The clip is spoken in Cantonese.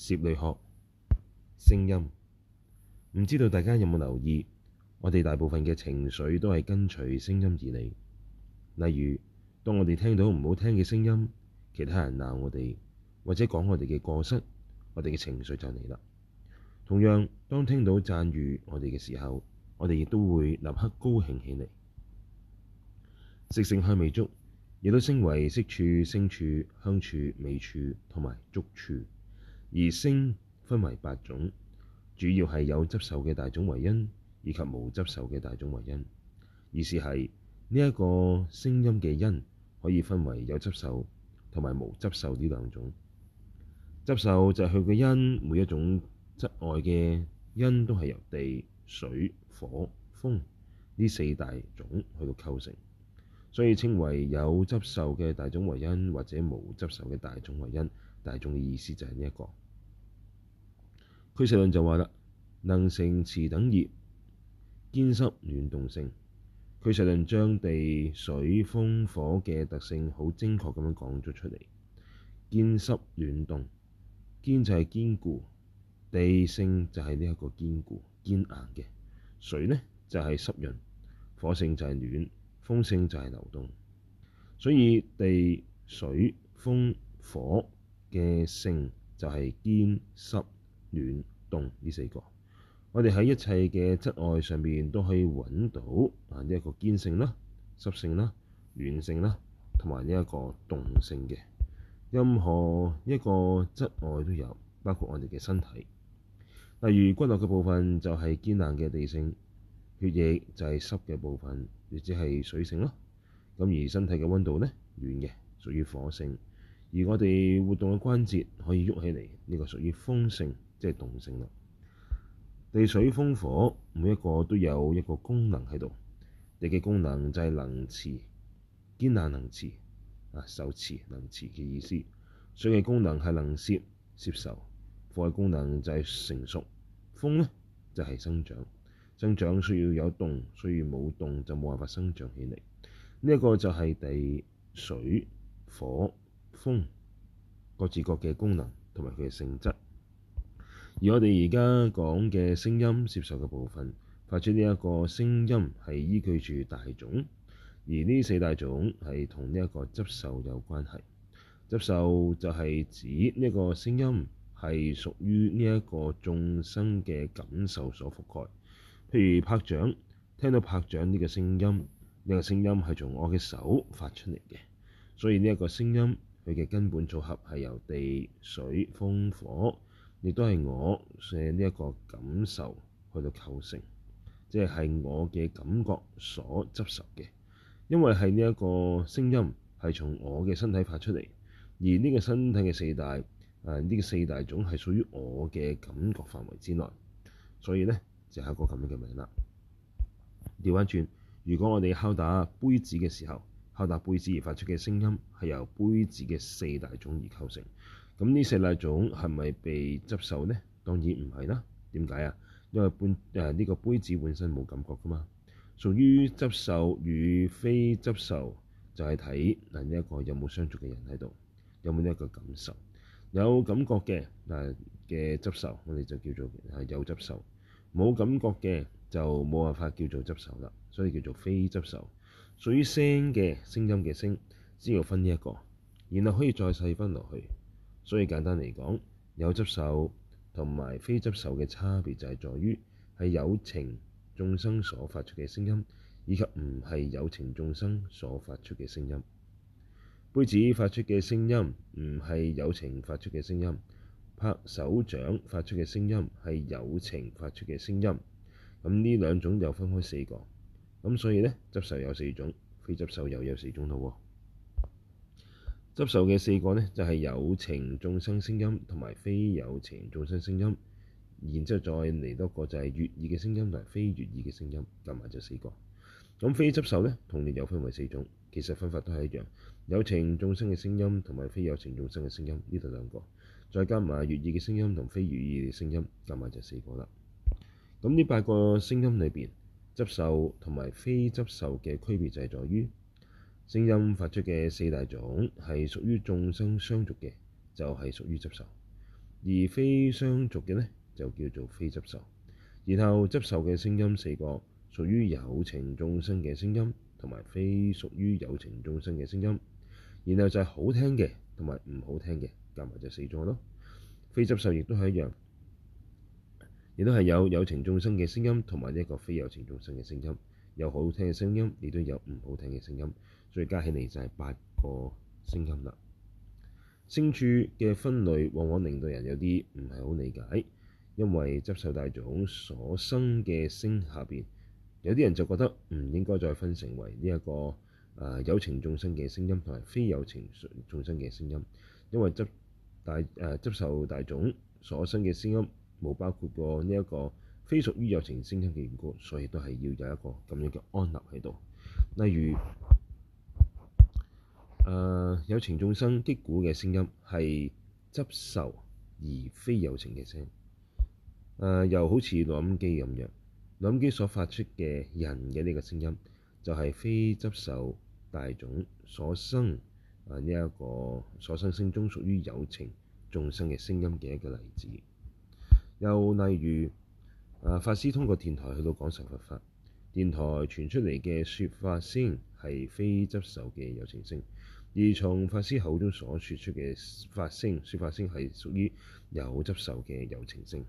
攝類學聲音，唔知道大家有冇留意？我哋大部分嘅情緒都係跟隨聲音而嚟。例如，當我哋聽到唔好聽嘅聲音，其他人鬧我哋或者講我哋嘅過失，我哋嘅情緒就嚟喇。同樣，當聽到讚譽我哋嘅時候，我哋亦都會立刻高興起嚟。色、聲、香、味、觸，亦都稱為色處、聲處、香處、味處同埋觸處。而聲分為八種，主要係有執受嘅大種為因，以及無執受嘅大種為因。意思係呢一個聲音嘅因，可以分為有執受同埋無執受呢兩種。執受就係佢嘅因，每一種質礙嘅因都係由地、水、火、風呢四大種去到構成，所以稱為有執受嘅大種為因，或者無執受嘅大種為因。大種嘅意思就係呢一個。《俱舍論》就話啦，能成持等業，堅濕暖動性。《俱舍論》將地、水、風、火嘅特性好精確咁樣講咗出嚟。堅濕暖動，堅就係堅固，地性就係呢一個堅固堅硬嘅；水呢就係、是、濕潤，火性就係暖，風性就係流動。所以地、水、風、火嘅性就係堅濕暖動呢四個，我哋喺一切嘅質礙上面都可以揾到啊，一個堅性啦、濕性啦、暖性啦，同埋呢一個動性嘅任何一個質礙都有，包括我哋嘅身體。例如骨骼嘅部分就係堅硬嘅地性，血液就係濕嘅部分，亦即係水性咯。咁而身體嘅温度呢，暖嘅屬於火性，而我哋活動嘅關節可以喐起嚟，呢個屬於風性。即係動性咯。地水風火每一個都有一個功能喺度。地嘅功能就係能持堅硬能持啊，守持能持嘅意思。水嘅功能係能攝攝受。火嘅功能就係成熟。風呢，就係、是、生長。生長需要有動，需要冇動,要動就冇辦法生長起嚟。呢、這、一個就係地水火風各自各嘅功能同埋佢嘅性質。而我哋而家講嘅聲音攝受嘅部分，發出呢一個聲音係依據住大種，而呢四大種係同呢一個執受有關係。執受就係指呢個聲音係屬於呢一個眾生嘅感受所覆蓋。譬如拍掌，聽到拍掌呢個聲音，呢、這個聲音係從我嘅手發出嚟嘅，所以呢一個聲音佢嘅根本組合係由地、水、風、火。亦都係我誒呢一個感受去到構成，即係係我嘅感覺所執受嘅，因為係呢一個聲音係從我嘅身體發出嚟，而呢個身體嘅四大誒呢、呃這個四大種係屬於我嘅感覺範圍之內，所以咧就係、是、一個咁樣嘅名啦。調返轉，如果我哋敲打杯子嘅時候，敲打杯子而發出嘅聲音係由杯子嘅四大種而構成。咁呢四大種係咪被執受呢？當然唔係啦。點解啊？因為本誒呢個杯子本身冇感覺噶嘛，屬於執受與非執受就係睇另一個有冇相屬嘅人喺度，有冇呢一個感受。有感覺嘅嗱嘅執受，我哋就叫做係有執受；冇感覺嘅就冇辦法叫做執受啦，所以叫做非執受。屬於聲嘅聲音嘅聲，先要分呢、這、一個，然後可以再細分落去。所以簡單嚟講，有執受同埋非執受嘅差別就係在於係有情眾生所發出嘅聲音，以及唔係有情眾生所發出嘅聲音。杯子發出嘅聲音唔係有情發出嘅聲音，拍手掌發出嘅聲音係有情發出嘅聲音。咁呢兩種又分開四個，咁所以呢，執受有四種，非執受又有四種咯。執受嘅四個呢，就係、是、有情眾生聲音同埋非有情眾生聲音，然之後再嚟多個就係悅意嘅聲音同埋非悅意嘅聲音，加埋就四個。咁非執受呢，同樣又分為四種，其實分法都係一樣。有情眾生嘅聲音同埋非有情眾生嘅聲音，呢度兩個，再加埋悅意嘅聲音同非悅意嘅聲音，加埋就四個啦。咁呢八個聲音裏邊，執受同埋非執受嘅區別就係在於。聲音發出嘅四大種係屬於眾生相屬嘅，就係屬於執受；而非相屬嘅呢，就叫做非執受。然後執受嘅聲音四個屬於有情眾生嘅聲音，同埋非屬於有情眾生嘅聲音。然後就係好聽嘅同埋唔好聽嘅，夾埋就四種咯。非執受亦都係一樣。亦都係有有情眾生嘅聲音同埋一個非有情眾生嘅聲音，有好聽嘅聲音，亦都有唔好聽嘅聲音，所以加起嚟就係八個聲音啦。聲處嘅分類往往令到人有啲唔係好理解，因為執受大種所生嘅聲下邊，有啲人就覺得唔應該再分成為呢、這、一個啊、呃、有情眾生嘅聲音同埋非有情眾生嘅聲音，因為執大誒執、呃、受大種所生嘅聲音。冇包括過呢一個非屬於有情聲音嘅緣故，所以都係要有一個咁樣嘅安立喺度。例如，誒、呃、有情眾生擊鼓嘅聲音係執受而非有情嘅聲，誒、呃、又好似錄音機咁樣，錄音機所發出嘅人嘅呢個聲音，就係非執受大種所生啊呢一個所生聲中屬於有情眾生嘅聲音嘅一個例子。又例如，啊，法師通過電台去到講授佛法，電台傳出嚟嘅説法聲係非執受嘅有情聲，而從法師口中所説出嘅發聲説法聲係屬於有執受嘅有情聲。